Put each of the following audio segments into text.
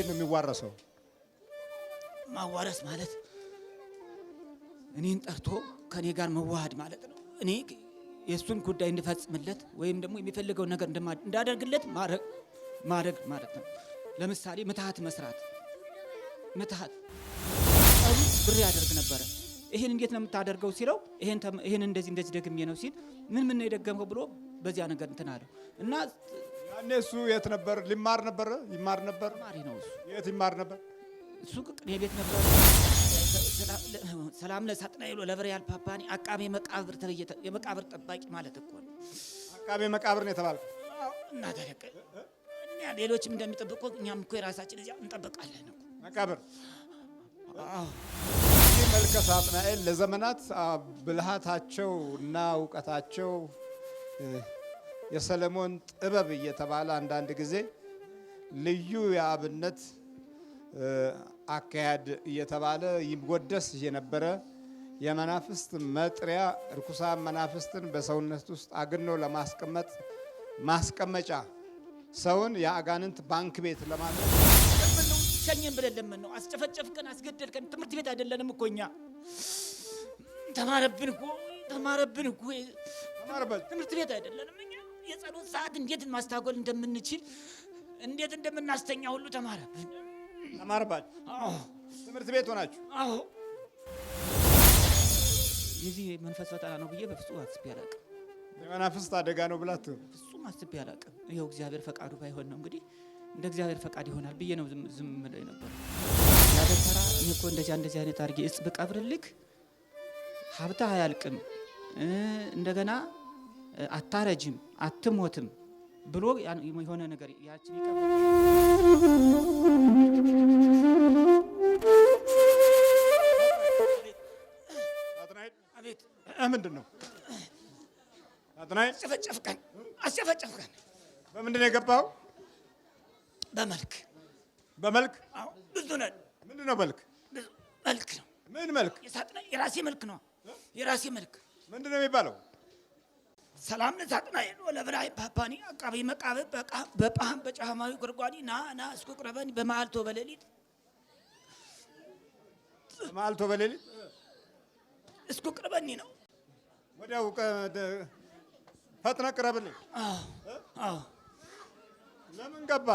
እንዴት ነው የሚዋረሰው? ማዋረስ ማለት እኔን ጠርቶ ከእኔ ጋር መዋሃድ ማለት ነው። እኔ የእሱን ጉዳይ እንድፈጽምለት ወይም ደግሞ የሚፈልገውን ነገር እንዳደርግለት ማድረግ ማለት ነው። ለምሳሌ ምትሃት መስራት፣ ምትሃት ጸሩ ብር ያደርግ ነበረ። ይህን እንዴት ነው የምታደርገው ሲለው ይህን እንደዚህ እንደዚህ ደግሜ ነው ሲል ምን ምን ነው የደገምከው ብሎ በዚያ ነገር እንትን አለው እና ያኔ እሱ የት ነበር? ሊማር ነበር ይማር ነበር። ተማሪ ነው እሱ። የት ይማር ነበር? እሱ ቅኔ ቤት ነበር። ሰላም ለሳጥናኤል ለበሪያል ፓፓኒ አቃቤ መቃብር ተብዬ የመቃብር ጠባቂ ማለት እኮ ነው። አቃቤ መቃብር ነው የተባለ እና ታለቀ እኛ ሌሎችም እንደሚጠብቁ እኛም እኮ የራሳችን እዚያ እንጠብቃለን እኮ መቃብር። መልከ ሳጥናኤል ለዘመናት ብልሃታቸው እና እውቀታቸው የሰለሞን ጥበብ እየተባለ አንዳንድ ጊዜ ልዩ የአብነት አካሄድ እየተባለ ይወደስ የነበረ የመናፍስት መጥሪያ እርኩሳን መናፍስትን በሰውነት ውስጥ አግኖ ለማስቀመጥ ማስቀመጫ ሰውን የአጋንንት ባንክ ቤት ለማድረግ ሸኝን ብለን ለምን ነው አስጨፈጨፍከን፣ አስገደልከን። ትምህርት ቤት አይደለንም እኮ እኛ። ተማረብን እኮ ተማረብን እኮ ትምህርት ቤት አይደለንም የጸሎት ሰዓት እንዴት ማስታጎል እንደምንችል እንዴት እንደምናስተኛ ሁሉ ተማረ ተማርባል። ትምህርት ቤት ሆናችሁ። አዎ የዚህ መንፈስ ፈጠራ ነው ብዬ በፍጹም አስቤ አላቅም። የመናፍስት አደጋ ነው ብላት ፍጹም አስቤ አላቅም። ይኸው እግዚአብሔር ፈቃዱ ባይሆን ነው እንግዲህ እንደ እግዚአብሔር ፈቃድ ይሆናል ብዬ ነው ዝም ብለው ነበር። ያደተራ እኔ እኮ እንደዚያ እንደዚህ አይነት አድርጌ እጽ ብቀብርልክ ሀብታ አያልቅም እንደገና አታረጅም፣ አትሞትም ብሎ የሆነ ነገር ያችን ምንድን ነው አስጨፈጨፍከን፣ አስጨፈጨፍከን። በምንድን ነው የገባኸው? በመልክ በመልክ ብዙ ነን። ምንድን ነው መልክ? መልክ ነው። ምን መልክ? የራሴ መልክ ነው። የራሴ መልክ ምንድን ነው የሚባለው? ሰላም ለሳጥናኤል ወለብራይ ፓፓኒ አቃቢ መቃብብ በጳህም በጫማዊ ጉርጓኒ ና ና እስኩ ቅረበኒ በማልቶ በሌሊት በመዓልቶ በሌሊት እስኩ ቅረበኒ ነው። ወዲያው ፈጥነ ቅረብልኝ። ለምን ገባ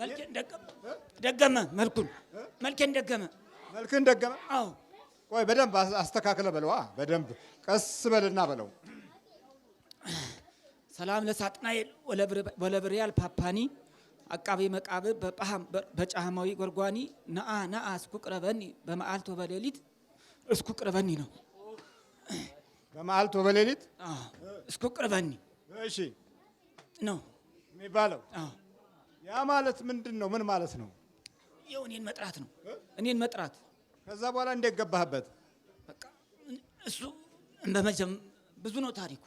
መልኬን ደገመ መልኩን መልኬን ደገመ መልክን ደገመ አዎ ቆይ በደንብ አስተካክለ በለዋ። በደንብ ቀስ በልና በለው። ሰላም ለሳጥናኤል ወለብርያል ፓፓኒ አቃቤ መቃብር በጫሃማዊ ጎርጓኒ ነአ ነአ እስኩ ቅረበኒ በመዓልት ወበሌሊት እስኩ ቅረበኒ ነው። በመዓልት ወበሌሊት እስኩ ቅረበኒ እሺ ነው የሚባለው። ያ ማለት ምንድን ነው? ምን ማለት ነው? ይኸው እኔን መጥራት ነው። እኔን መጥራት ከዛ በኋላ እንዴት ገባህበት? እሱ በመጀም ብዙ ነው ታሪኩ።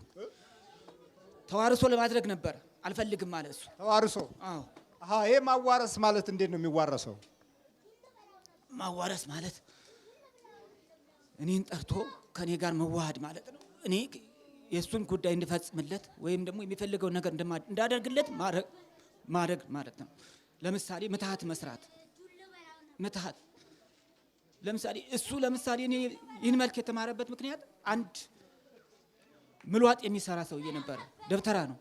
ተዋርሶ ለማድረግ ነበር አልፈልግም ማለት እሱ ተዋርሶ። አዎ ይሄ ማዋረስ ማለት እንዴት ነው የሚዋረሰው? ማዋረስ ማለት እኔን ጠርቶ ከእኔ ጋር መዋሃድ ማለት ነው። እኔ የእሱን ጉዳይ እንድፈጽምለት ወይም ደግሞ የሚፈልገውን ነገር እንዳደርግለት ማድረግ ማለት ነው። ለምሳሌ ምትሃት መስራት ምትሀት ለምሳሌ እሱ ለምሳሌ እኔ ይህን መልክ የተማረበት ምክንያት አንድ ምልዋጥ የሚሰራ ሰው ነበረ። ደብተራ ነው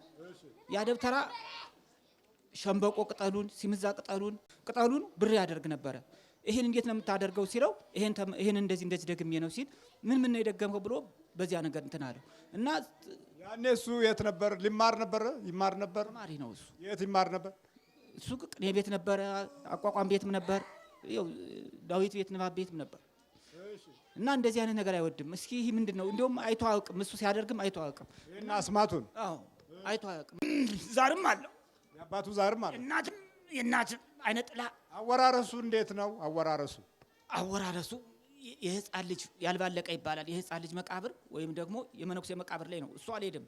ያ ደብተራ። ሸንበቆ ቅጠሉን ሲምዛ ቅጠሉን ቅጠሉን ብር ያደርግ ነበረ። ይህን እንዴት ነው የምታደርገው ሲለው ይህን እንደዚህ እንደዚህ ደግሜ ነው ሲል ምን ምን የደገምከው ብሎ በዚያ ነገር እንትን አለው እና ያኔ እሱ የት ነበር ሊማር ነበረ ይማር ነበር ማሪ ነው እሱ የት ይማር ነበር እሱ ቅኔ ቤት ነበረ አቋቋም ቤትም ነበር ዳዊት ቤት ንባብ ቤትም ነበር እና እንደዚህ አይነት ነገር አይወድም። እስኪ ይህ ምንድን ነው? እንዲሁም አይቶ አያውቅም። እሱ ሲያደርግም አይቶ አያውቅም። እና አስማቱን አይቶ አያውቅም። ዛርም አለው የአባቱ ዛርም አለው። እናትም የእናትም አይነጥላ አወራረሱ እንዴት ነው? አወራረሱ አወራረሱ የህፃን ልጅ ያልባለቀ ይባላል። የህፃን ልጅ መቃብር ወይም ደግሞ የመነኩሴ መቃብር ላይ ነው። እሱ አልሄደም።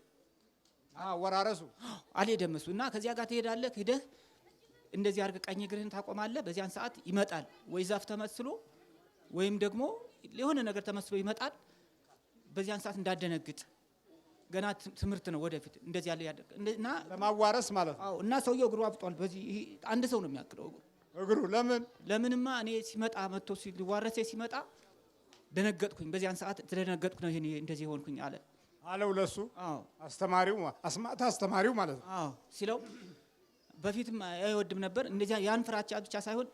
አወራረሱ አልሄደም እሱ እና ከዚያ ጋር ትሄዳለህ ሂደህ እንደዚህ አድርገ ቀኝ እግርህን ታቆማለ በዚያን ሰዓት ይመጣል ወይ ዛፍ ተመስሎ ወይም ደግሞ የሆነ ነገር ተመስሎ ይመጣል። በዚያን ሰዓት እንዳደነግጥ ገና ትምህርት ነው። ወደፊት እንደዚህ ያለ ያደርግ እና ለማዋረስ ማለት ነው። እና ሰውየው እግሩ አብጧል። በዚህ አንድ ሰው ነው የሚያክለው እግሩ ለምን ለምንማ እኔ ሲመጣ መጥቶ ሊዋረሴ ሲመጣ ደነገጥኩኝ። በዚያን ሰዓት ስለደነገጥኩ ነው ይሄን እንደዚህ ሆንኩኝ አለ አለው ለሱ አስተማሪው አስማታ አስተማሪው ማለት ነው ሲለው በፊትም አይወድም ነበር። እንደዚያ ያን ፍራቻ ብቻ ሳይሆን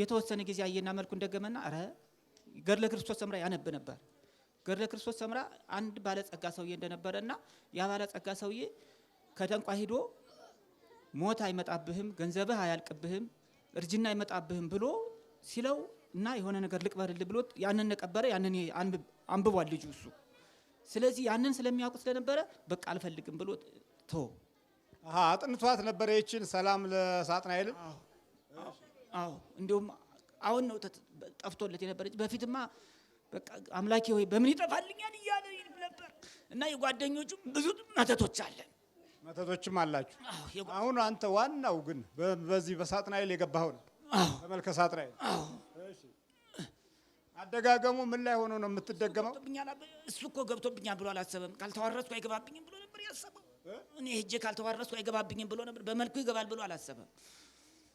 የተወሰነ ጊዜ አየና መልኩ እንደገመና ረ ገድለ ክርስቶስ ሰምራ ያነብ ነበር። ገድለ ክርስቶስ ሰምራ አንድ ባለጸጋ ሰውዬ እንደነበረ እና ያ ባለጸጋ ሰውዬ ከጠንቋ ሂዶ ሞት አይመጣብህም፣ ገንዘብህ አያልቅብህም፣ እርጅና አይመጣብህም ብሎ ሲለው እና የሆነ ነገር ልቅበርል ብሎ ያንን ነቀበረ። ያንን አንብቧል ልጁ እሱ። ስለዚህ ያንን ስለሚያውቁ ስለነበረ በቃ አልፈልግም ብሎ ቶ አጥንቷት ነበረ። ይችን ሰላም ለሳጥናኤልም አዎ፣ እንዲሁም አሁን ነው ጠፍቶለት የነበረ በፊትማ አምላኪ ሆይ በምን ይጠፋልኛል እያለ ነበር። እና የጓደኞቹ ብዙ መተቶች አለን፣ መተቶችም አላችሁ። አሁን አንተ ዋናው ግን በዚህ በሳጥናኤል የገባኸው ነው። ተመልከ ሳጥናኤል አደጋገሙ ምን ላይ ሆኖ ነው የምትደገመው? እሱ እኮ ገብቶብኛል ብሎ አላሰበም። ካልተዋረስኩ አይገባብኝም ብሎ ነበር ያሰበው። እኔ ሄጄ ካልተዋረስኩ አይገባብኝም ብሎ ነበር። በመልኩ ይገባል ብሎ አላሰበም።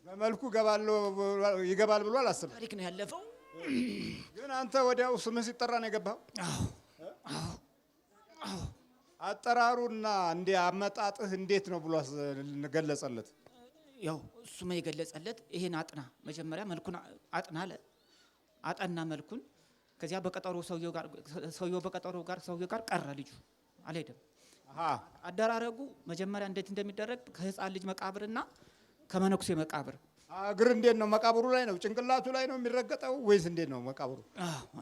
በመልኩ ይገባል ብሎ አላሰበም። ታሪክ ነው ያለፈው። ግን አንተ ወዲያው ስምህ ሲጠራ ነው የገባው። አጠራሩና እንደ አመጣጥህ እንዴት ነው ብሎ ገለጸለት። ያው እሱማ የገለጸለት ይሄን አጥና መጀመሪያ መልኩን አጥና አለ። አጠና መልኩን። ከዚያ በቀጠሮ ሰውየው ጋር ሰውየው በቀጠሮ ጋር ሰውየው ጋር ቀረ ልጁ አልሄደም። አደራረጉ መጀመሪያ እንዴት እንደሚደረግ ከህፃን ልጅ መቃብርና ከመነኩሴ መቃብር እግር እንዴት ነው? መቃብሩ ላይ ነው? ጭንቅላቱ ላይ ነው የሚረገጠው ወይስ እንዴት ነው መቃብሩ?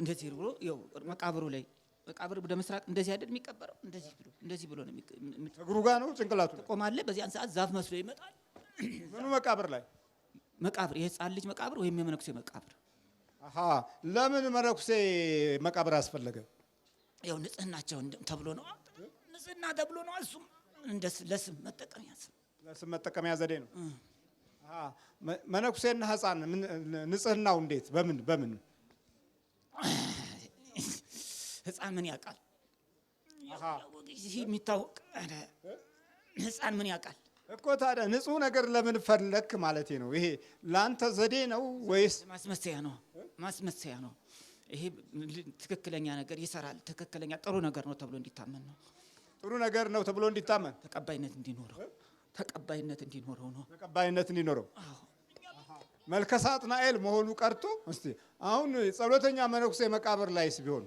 እንዴት ብሎ መቃብሩ ላይ መቃብር ወደ ምስራቅ እንደዚህ አይደል የሚቀበረው? እንደዚህ ብሎ እንደዚህ ብሎ ነው። እግሩ ጋር ነው ጭንቅላቱ ትቆማለህ። በዚያን ሰዓት ዛፍ መስሎ ይመጣል። ምኑ መቃብር ላይ መቃብር፣ የህፃን ልጅ መቃብር ወይም የመነኩሴ መቃብር። ለምን መነኩሴ መቃብር አስፈለገ? ያው ንጽህናቸው ተብሎ ነው ንጽህና ተብሎ ነው። እሱም ለስም መጠቀሚያ ለስም መጠቀሚያ ዘዴ ነው። መነኩሴና ሕፃን ንጽህናው እንዴት በምን በምን? ህፃን ምን ያውቃል? የሚታወቅ ህፃን ምን ያውቃል እኮ። ታዲያ ንጹህ ነገር ለምን ፈለክ ማለት ነው። ይሄ ለአንተ ዘዴ ነው ወይስ ማስመሰያ ነው? ማስመሰያ ነው። ይሄ ትክክለኛ ነገር ይሰራል፣ ትክክለኛ ጥሩ ነገር ነው ተብሎ እንዲታመን ነው። ጥሩ ነገር ነው ተብሎ እንዲታመን ተቀባይነት እንዲኖረው ተቀባይነት እንዲኖረው ነው። ተቀባይነት እንዲኖረው መልከ ሳጥናኤል መሆኑ ቀርቶ እስቲ አሁን ጸሎተኛ መነኩሴ መቃብር ላይስ ቢሆን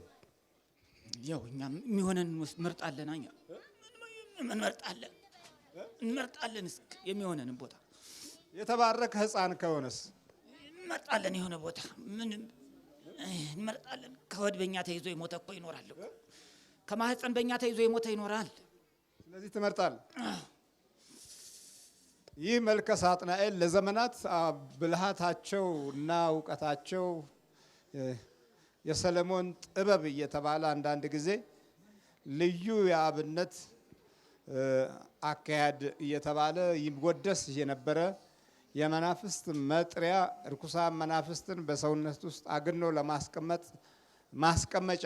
ያው እኛ የሚሆነን እንመርጣለን። እኛ እንመርጣለን እንመርጣለን እስክ የሚሆነን ቦታ የተባረከ ህፃን ከሆነስ እንመርጣለን። የሆነ ቦታ ምን እንመርጣለን። ከወድ በኛ ተይዞ የሞተ እኮ ይኖራል እኮ ከማህፀን በእኛ ተይዞ የሞተ ይኖራል። ስለዚህ ትመርጣል። ይህ መልከ ሳጥናኤል ለዘመናት ብልሃታቸው እና እውቀታቸው የሰለሞን ጥበብ እየተባለ አንዳንድ ጊዜ ልዩ የአብነት አካሄድ እየተባለ ይወደስ የነበረ የመናፍስት መጥሪያ እርኩሳን መናፍስትን በሰውነት ውስጥ አግኖ ለማስቀመጥ ማስቀመጫ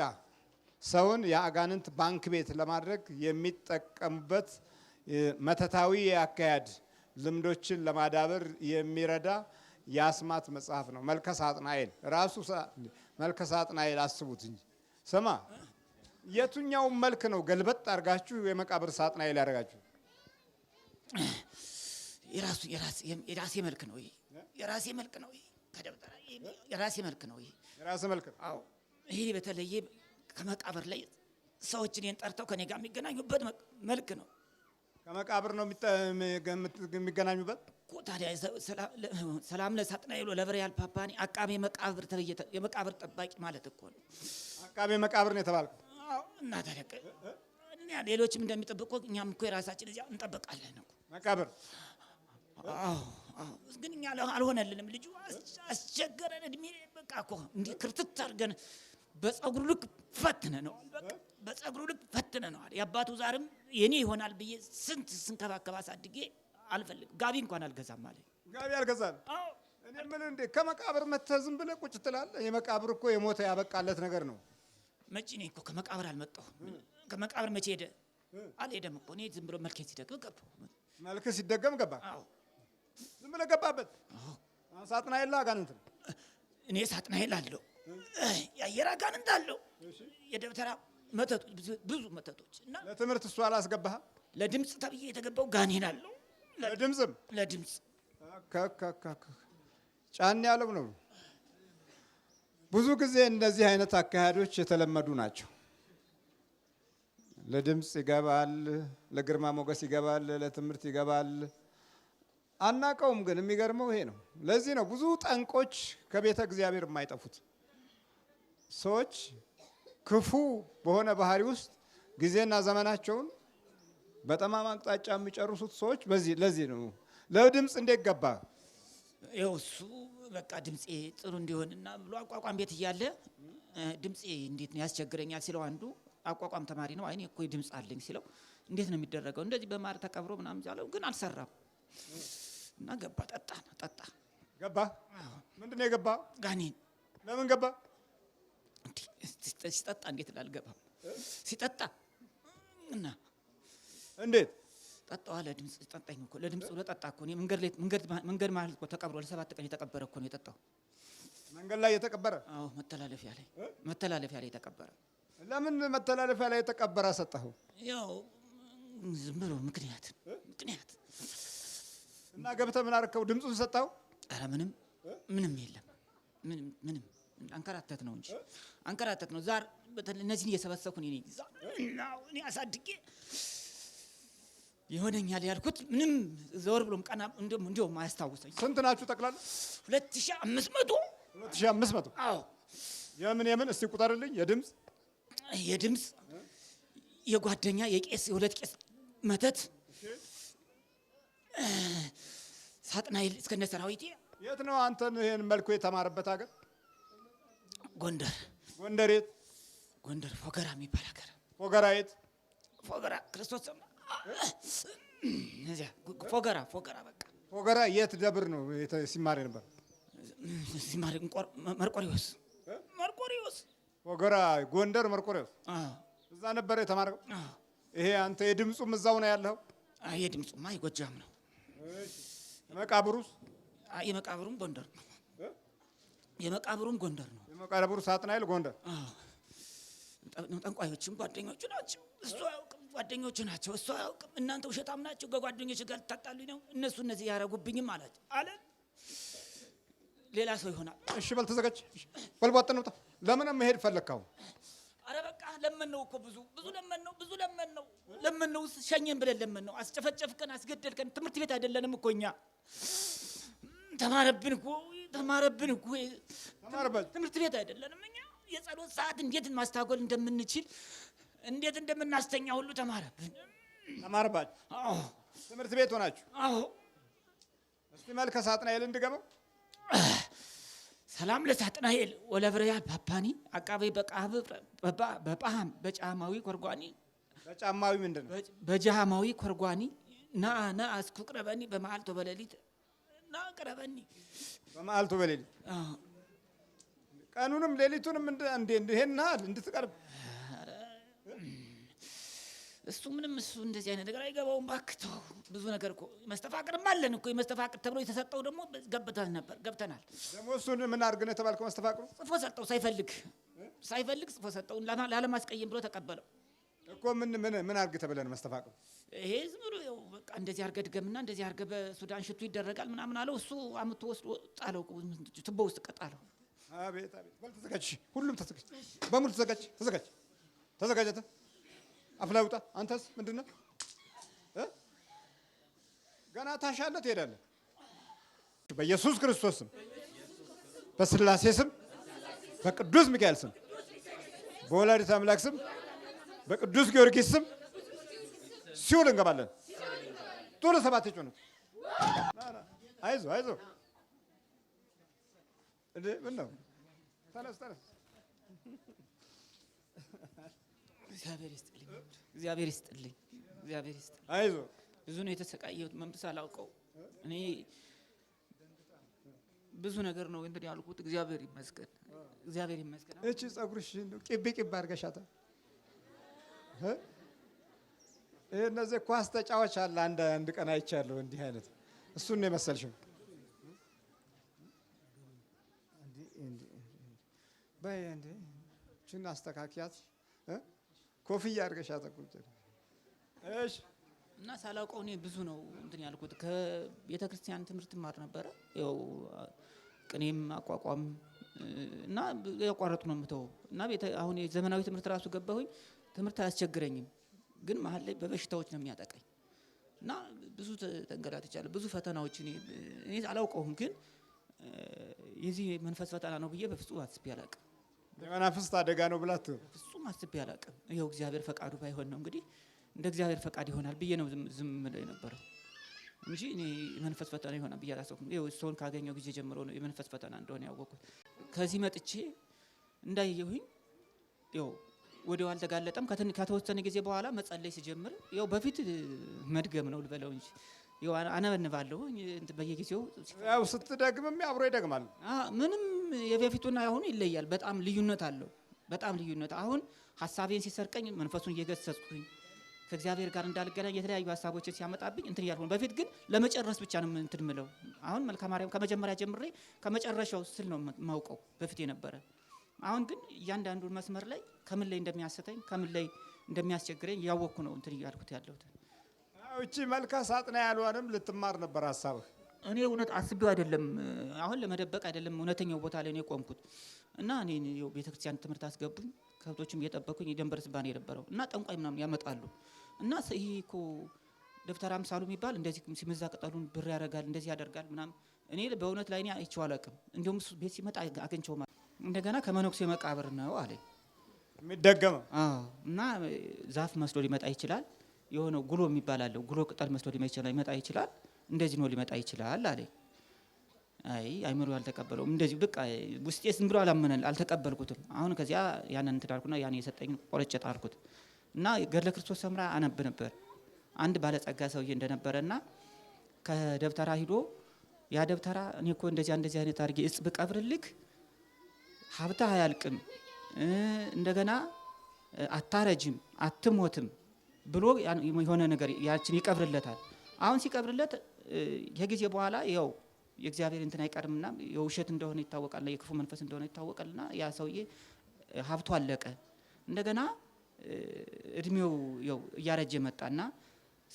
ሰውን የአጋንንት ባንክ ቤት ለማድረግ የሚጠቀሙበት መተታዊ የአካሄድ ልምዶችን ለማዳበር የሚረዳ የአስማት መጽሐፍ ነው። መልከሳጥናኤል ራሱ መልከሳጥናኤል አስቡት እንጂ ስማ፣ የቱኛውም መልክ ነው ገልበጥ አድርጋችሁ የመቃብር ሳጥናኤል ያደርጋችሁ። የራሱ የራሴ መልክ ነው የራሴ መልክ ነው የራሴ መልክ ነው የራሴ መልክ ነው። አዎ ይሄ በተለየ ከመቃብር ላይ ሰዎች እኔን ጠርተው ከኔ ጋር የሚገናኙበት መልክ ነው። ከመቃብር ነው የሚገናኙበት። ታዲያ ሰላም ለሳጥናኤል ለበሪያል ፓፓኒ አቃቤ መቃብር የመቃብር ጠባቂ ማለት እኮ ነው። አቃቤ መቃብር ነው የተባልኩ እና ታዲያ ሌሎችም እንደሚጠብቁ እኛም እኮ የራሳችን እዚያ እንጠብቃለን እኮ መቃብር። ግን እኛ አልሆነልንም። ልጁ አስቸገረን። እድሜ በቃ እኮ እንዲህ ክርትት አድርገን በጸጉሩ ልክ ፈትነ ነው በጸጉሩ ልክ ፈትነ ነው የአባቱ ዛርም የኔ ይሆናል ብዬ ስንት ስንከባከብ አሳድጌ አልፈልግም። ጋቢ እንኳን አልገዛም አለ። ጋቢ አልገዛም። እኔ የምልህ እንዴ ከመቃብር መተህ ዝም ብለህ ቁጭ ትላለህ? የመቃብር እኮ የሞተ ያበቃለት ነገር ነው። መቼ እኔ እኮ ከመቃብር አልመጣሁም። ከመቃብር መቼ ሄደ? አልሄደም እኮ እኔ ዝም ብሎ መልኬ ሲደግም ገባሁ። መልክ ሲደገም ገባ። ዝም ብለህ ገባበት። ሳጥናኤል አጋንንት እኔ ሳጥናኤል አለው የአየር አጋንንት እንዳለው የደብተራ መተቶች ብዙ መተቶች እና ለትምህርት እሱ አላስገባህ ለድምፅ ተብዬ የተገባው ጋኔን አለው። ለድምፅም ለድምፅ ጫን ያለው ነው። ብዙ ጊዜ እነዚህ አይነት አካሄዶች የተለመዱ ናቸው። ለድምፅ ይገባል፣ ለግርማ ሞገስ ይገባል፣ ለትምህርት ይገባል። አናቀውም። ግን የሚገርመው ይሄ ነው። ለዚህ ነው ብዙ ጠንቆች ከቤተ እግዚአብሔር የማይጠፉት። ሰዎች ክፉ በሆነ ባህሪ ውስጥ ጊዜና ዘመናቸውን በጠማማ አቅጣጫ የሚጨርሱት ሰዎች በዚህ ለዚህ ነው። ለድምፅ እንዴት ገባ? ይኸው እሱ በቃ ድምፄ ጥሩ እንዲሆንና ብሎ አቋቋም ቤት እያለ ድምፄ እንዴት ነው ያስቸግረኛል ሲለው አንዱ አቋቋም ተማሪ ነው። አይኔ እኮ ድምፅ አለኝ ሲለው እንዴት ነው የሚደረገው? እንደዚህ በማር ተቀብሮ ምናምን ያለው ግን አልሰራም እና ገባ። ጠጣ ጠጣ ገባ። ምንድን ነው የገባ? ጋኔን። ለምን ገባ? ሲጠጣ እንዴት ላልገባም ሲጠጣ እና እንዴት ጠጣዋ ለድምፅ ጠጣኝ እኮ ለድምፅ ብሎ ጠጣ እኮ። መንገድ ላይ መንገድ መሀል እኮ ተቀብሮ ለሰባት ቀን የተቀበረ እኮ ነው የጠጣው። መንገድ ላይ የተቀበረ? አዎ፣ መተላለፊያ ላይ መተላለፊያ ላይ የተቀበረ። ለምን መተላለፊያ ላይ የተቀበረ ሰጠኸው? ያው ዝም ብሎ ምክንያት ምክንያት እና ገብተህ ምን አደረከው? ድምፁን ሰጠኸው? ኧረ ምንም ምንም የለም ምንም ምንም አንከራተት ነው እንጂ አንከራተት ነው። ዛር እነዚህን እየሰበሰብኩ እኔ እኔ አሳድጌ የሆነኛል ያልኩት ምንም ዘወር ብሎም ቀና እንዲሁም አያስታውሰኝ። ስንት ናችሁ ጠቅላላ? ሁለት ሺህ አምስት መቶ ሁለት ሺህ አምስት መቶ አዎ። የምን የምን እስቲ ቁጠርልኝ። የድምፅ የድምፅ የጓደኛ የቄስ የሁለት ቄስ መተት ሳጥናይል እስከነ ሰራዊቴ የት ነው አንተን ይሄን መልኩ የተማረበት ሀገር ጎንደር ጎንደር የት ጎንደር ፎገራ የሚባል ሀገር ፎገራ የት ፎገራ ክርስቶስ እዚያ ፎገራ ፎገራ በቃ ፎገራ የት ደብር ነው ሲማር ነበር ሲማር መርቆሪዎስ መርቆሪዎስ ፎገራ ጎንደር መርቆሪዎስ እዛ ነበር የተማረው ይሄ አንተ የድምፁም እዛው ነው ያለው የድምፁማ የጎጃም ነው መቃብሩስ የመቃብሩም ጎንደር ነው የመቃብሩም ጎንደር ነው መቃለ ቡር ሳጥናኤል ጎንደር ጠንቋዮችም ጓደኞቹ ናቸው። እሱ አያውቅም፣ ጓደኞቹ ናቸው። እሱ አያውቅም። እናንተ ውሸታም ናቸው፣ ከጓደኞች ጋር ልታጣሉኝ ነው። እነሱ እነዚህ ያረጉብኝም አላት አለ። ሌላ ሰው ይሆናል። እሺ በል ተዘጋጅ፣ በል በልቧጥ ነው። ለምን መሄድ ፈለግከው? አረ በቃ ለምን ነው እኮ ብዙ ብዙ ለምን ነው ብዙ ለምን ነው ለምን ነው ሸኘን ብለን ለምን ነው አስጨፈጨፍከን፣ አስገደልከን። ትምህርት ቤት አይደለንም እኮ እኛ ተማረብን እኮ ተማረብን እኮ ተማረበት። ትምህርት ቤት አይደለንም እኛ። የጸሎት ሰዓት እንዴት ማስታጎል እንደምንችል እንዴት እንደምናስተኛ ሁሉ ተማረብን። ተማረባችሁ? አዎ። ትምህርት ቤት ሆናችሁ? አዎ። እስቲ መልከ ሳጥናኤል እንድገባው ሰላም ለሳጥናኤል ወለብረያ ባባኒ አቃቤ በቃብ በጳሃም በጫማዊ ኮርጓኒ በጫማዊ ምንድን ነው? በጃማዊ ኮርጓኒ ና ና አስኩቅረበኒ በመዓልት ወበሌሊት ና ቅረበኒ በመዓልቱ በሌሊት ቀኑንም ሌሊቱንም እንዲሄና እንድትቀርብ እሱ ምንም እሱ እንደዚህ አይነት ነገር አይገባውም። ባክተው ብዙ ነገር እኮ መስተፋቅርም አለን እኮ የመስተፋቅር ተብሎ የተሰጠው ደግሞ ገብተን ነበር ገብተናል። ደግሞ እሱን ምን አድርግ ነው የተባልከው? መስተፋቅሩ ጽፎ ሰጠው ሳይፈልግ ሳይፈልግ ጽፎ ሰጠው ላለማስቀየም ብሎ ተቀበለው። እኮ ምን ምን ምን አድርግ ተብለን መስተፋቅሩ ይሄ ዝም ብሎ ያው በቃ እንደዚህ አድርገህ ድገምና እንደዚህ አድርገህ በሱዳን ሽቱ ይደረጋል ምናምን አለው። እሱ አምቶ ወስዶ ጣለው፣ ቱቦ ውስጥ ቀጣለው። አቤት አቤት! በል ተዘጋጅ፣ ሁሉም ተዘጋጅ፣ በሙሉ ተዘጋጅ፣ ተዘጋጅ፣ ተዘጋጀተ አፍላ ውጣ። አንተስ ምንድን ነው ገና ታሻለህ፣ ትሄዳለህ። በኢየሱስ ክርስቶስ ስም፣ በስላሴ ስም፣ በቅዱስ ሚካኤል ስም፣ በወላዲተ አምላክ ስም በቅዱስ ጊዮርጊስ ስም ሲውል እንገባለን። ጥሩ ሰባት ጭኑት። አይዞ አይዞ ምን ነው ተነስ ተነስ። እግዚአብሔር ይስጥልኝ። እግዚአብሔር ይስጥልኝ። አይዞ ብዙ ነው የተሰቃየሁት። መንፈስ አላውቀው እኔ ብዙ ነገር ነው እንትን ያልኩት። እግዚአብሔር ይመስገን። እግዚአብሔር ይመስገን። እቺ ጸጉርሽ ቅቢ ቅቢ አድርገሻታል። ይሄ እነዚህ ኳስ ተጫዋች አለ። አንድ አንድ ቀን አይቻለሁ እንዲህ አይነት እሱን ነው የመሰልሽው። ችን አስተካክያት ኮፍያ አድርገሽ አጠቁጭ። እሺ እና ሳላውቀው እኔ ብዙ ነው እንትን ያልኩት ከቤተ ክርስቲያን ትምህርት ማር ነበረ። ያው ቅኔም አቋቋም እና ያቋረጡ ነው የምተው እና አሁን የዘመናዊ ትምህርት ራሱ ገባሁኝ ትምህርት አያስቸግረኝም፣ ግን መሀል ላይ በበሽታዎች ነው የሚያጠቀኝ እና ብዙ ተንገላትቻለሁ። ብዙ ፈተናዎች እኔ አላውቀውም፣ ግን የዚህ መንፈስ ፈተና ነው ብዬ በፍጹም አስቤ አላቅም። የመናፍስት አደጋ ነው ብላት በፍጹም አስቤ አላቅም። ይኸው እግዚአብሔር ፈቃዱ ባይሆን ነው እንግዲህ እንደ እግዚአብሔር ፈቃድ ይሆናል ብዬ ነው ዝም ብለው የነበረው እንጂ እኔ የመንፈስ ፈተና ይሆናል ብዬ አላሰብኩም። ይኸው ሰውን ካገኘው ጊዜ ጀምሮ ነው የመንፈስ ፈተና እንደሆነ ያወቅኩት። ከዚህ መጥቼ እንዳየሁኝ ወዲያው አልተጋለጠም። ከተወሰነ ጊዜ በኋላ መጸለይ ሲጀምር ያው በፊት መድገም ነው ልበለው እንጂ ያው አነበንባለሁ በየጊዜው ያው ስትደግምም አብሮ ይደግማል። ምንም የበፊቱና ያሁኑ ይለያል። በጣም ልዩነት አለው። በጣም ልዩነት አሁን ሀሳቤን ሲሰርቀኝ መንፈሱን እየገሰጽኩኝ ከእግዚአብሔር ጋር እንዳልገናኝ የተለያዩ ሀሳቦችን ሲያመጣብኝ እንትን ያልሆነ በፊት ግን ለመጨረስ ብቻ ነው እንትን ምለው። አሁን መልካም ማርያም ከመጀመሪያ ጀምሬ ከመጨረሻው ስል ነው ማውቀው በፊት የነበረ አሁን ግን እያንዳንዱ መስመር ላይ ከምን ላይ እንደሚያሰተኝ ከምን ላይ እንደሚያስቸግረኝ እያወቅኩ ነው እንትን እያልኩት ያለሁት። እቺ መልካ ሳጥና ያልሆንም ልትማር ነበር ሀሳብህ? እኔ እውነት አስቤው አይደለም፣ አሁን ለመደበቅ አይደለም፣ እውነተኛው ቦታ ላይ ነው የቆምኩት እና እኔ ቤተክርስቲያን ትምህርት አስገቡኝ። ከብቶችም እየጠበኩኝ የደንበር ስባ ነው የነበረው እና ጠንቋይ ምናምን ያመጣሉ እና ይሄ እኮ ደብተራ አምሳሉ የሚባል እንደዚህ ሲመዛ ቅጠሉን ብር ያደርጋል እንደዚህ ያደርጋል ምናምን። እኔ በእውነት ላይ ኔ አይቼው አላውቅም። እንዲሁም ቤት ሲመጣ አገኝቼው እንደገና ከመነኩሴ መቃብር ነው አለኝ። የሚደገመው እና ዛፍ መስሎ ሊመጣ ይችላል። የሆነ ጉሎ የሚባል አለው። ጉሎ ቅጠል መስሎ ሊመጣ ይችላል። እንደዚህ ነው ሊመጣ ይችላል አለ። አይ አይምሮ አልተቀበለውም። እንደዚህ በቃ ውስጤ ዝም ብሎ አላመነል አልተቀበልኩትም። አሁን ከዚያ ያንን ትዳርኩና ያን የሰጠኝ ቆርጬ ጣልኩት እና ገድለ ክርስቶስ ሰምራ አነብ ነበር። አንድ ባለጸጋ ሰውዬ እንደነበረና ከደብተራ ሂዶ ያ ደብተራ እኔ እኮ እንደዚያ እንደዚህ አይነት አድርጌ እጽ ብቀብርልክ ሀብታ አያልቅም፣ እንደገና አታረጅም፣ አትሞትም ብሎ የሆነ ነገር ያችን ይቀብርለታል። አሁን ሲቀብርለት ከጊዜ በኋላ ያው የእግዚአብሔር እንትን አይቀርምና የውሸት እንደሆነ ይታወቃል፣ የክፉ መንፈስ እንደሆነ ይታወቃልና ያ ሰውዬ ሀብቱ አለቀ። እንደገና እድሜው ያው እያረጀ መጣና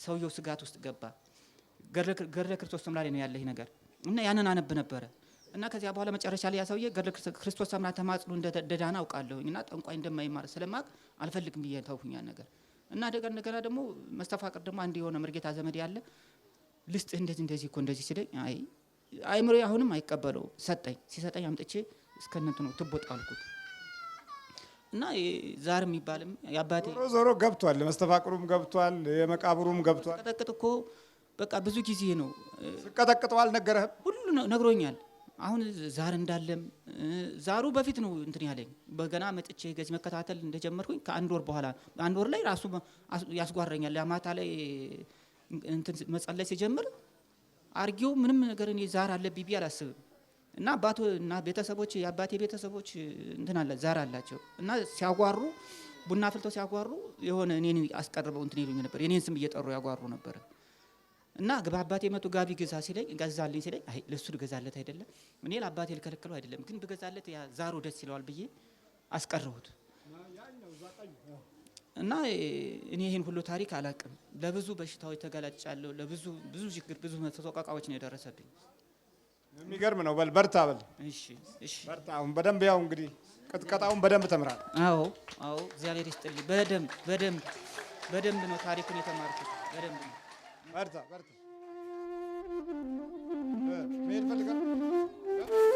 ሰውየው ስጋት ውስጥ ገባ። ገድለ ክርስቶስ ተምላሌ ነው ያለህ ነገር እና ያንን አነብ ነበረ እና ከዚያ በኋላ መጨረሻ ላይ ያሰውዬ ገድለ ክርስቶስ ሰምራ ተማጽሎ እንደዳና አውቃለሁ እና ጠንቋይ እንደማይማር ስለማቅ አልፈልግም ብዬ ተውኩኛ ነገር እና ደገር እንደገና ደግሞ መስተፋቅር ደግሞ አንድ የሆነ መርጌታ ዘመድ ያለ ልስጥ እንደዚህ እንደዚህ እኮ እንደዚህ ሲለኝ አይ አይምሮ አሁንም አይቀበለው ሰጠኝ። ሲሰጠኝ አምጥቼ እስከነቱ ነው ትቦጣ አልኩት እና ዛር የሚባልም የአባቴ ዞሮ ዞሮ ገብቷል፣ መስተፋቅሩም ገብቷል፣ የመቃብሩም ገብቷል። ቀጠቅጥ እኮ በቃ ብዙ ጊዜ ነው ስቀጠቅጠው አልነገረህም? ሁሉ ነግሮኛል። አሁን ዛር እንዳለም ዛሩ በፊት ነው እንትን ያለኝ በገና መጥቼ ገዚ መከታተል እንደጀመርኩኝ ከአንድ ወር በኋላ አንድ ወር ላይ ራሱ ያስጓረኛል። ማታ ላይ እንትን መጸለይ ሲጀምር አርጌው ምንም ነገር እኔ ዛር አለ ቢቢ አላስብም እና አባቱ እና ቤተሰቦች የአባቴ ቤተሰቦች እንትን አለ ዛር አላቸው እና ሲያጓሩ ቡና ፍልተው ሲያጓሩ የሆነ እኔን አስቀርበው እንትን ይሉኝ ነበር። የኔን ስም እየጠሩ ያጓሩ ነበር። እና አባቴ መቶ ጋቢ ገዛ ሲለኝ ገዛልኝ ሲለኝ አይ ለሱ ልገዛለት አይደለም እኔ ለአባቴ ልከለከለው አይደለም ግን ብገዛለት ያ ዛሩ ደስ ይለዋል ብዬ አስቀረሁት። እና እኔ ይህን ሁሉ ታሪክ አላቅም። ለብዙ በሽታዎች ተጋላጭቻለሁ። ለብዙ ብዙ ችግር ብዙ መተቆቃቃዎች ነው የደረሰብኝ። የሚገርም ነው። በል በርታ፣ በል እሺ፣ እሺ በርታ። አሁን በደንብ ያው እንግዲህ ቅጥቀጣውን በደንብ ተምራል። አዎ፣ አዎ። እግዚአብሔር ይስጥልኝ። በደንብ በደንብ በደንብ ነው ታሪኩን የተማርኩት። በደንብ ነው በርታ በርታ። መሄድ ፈልጋል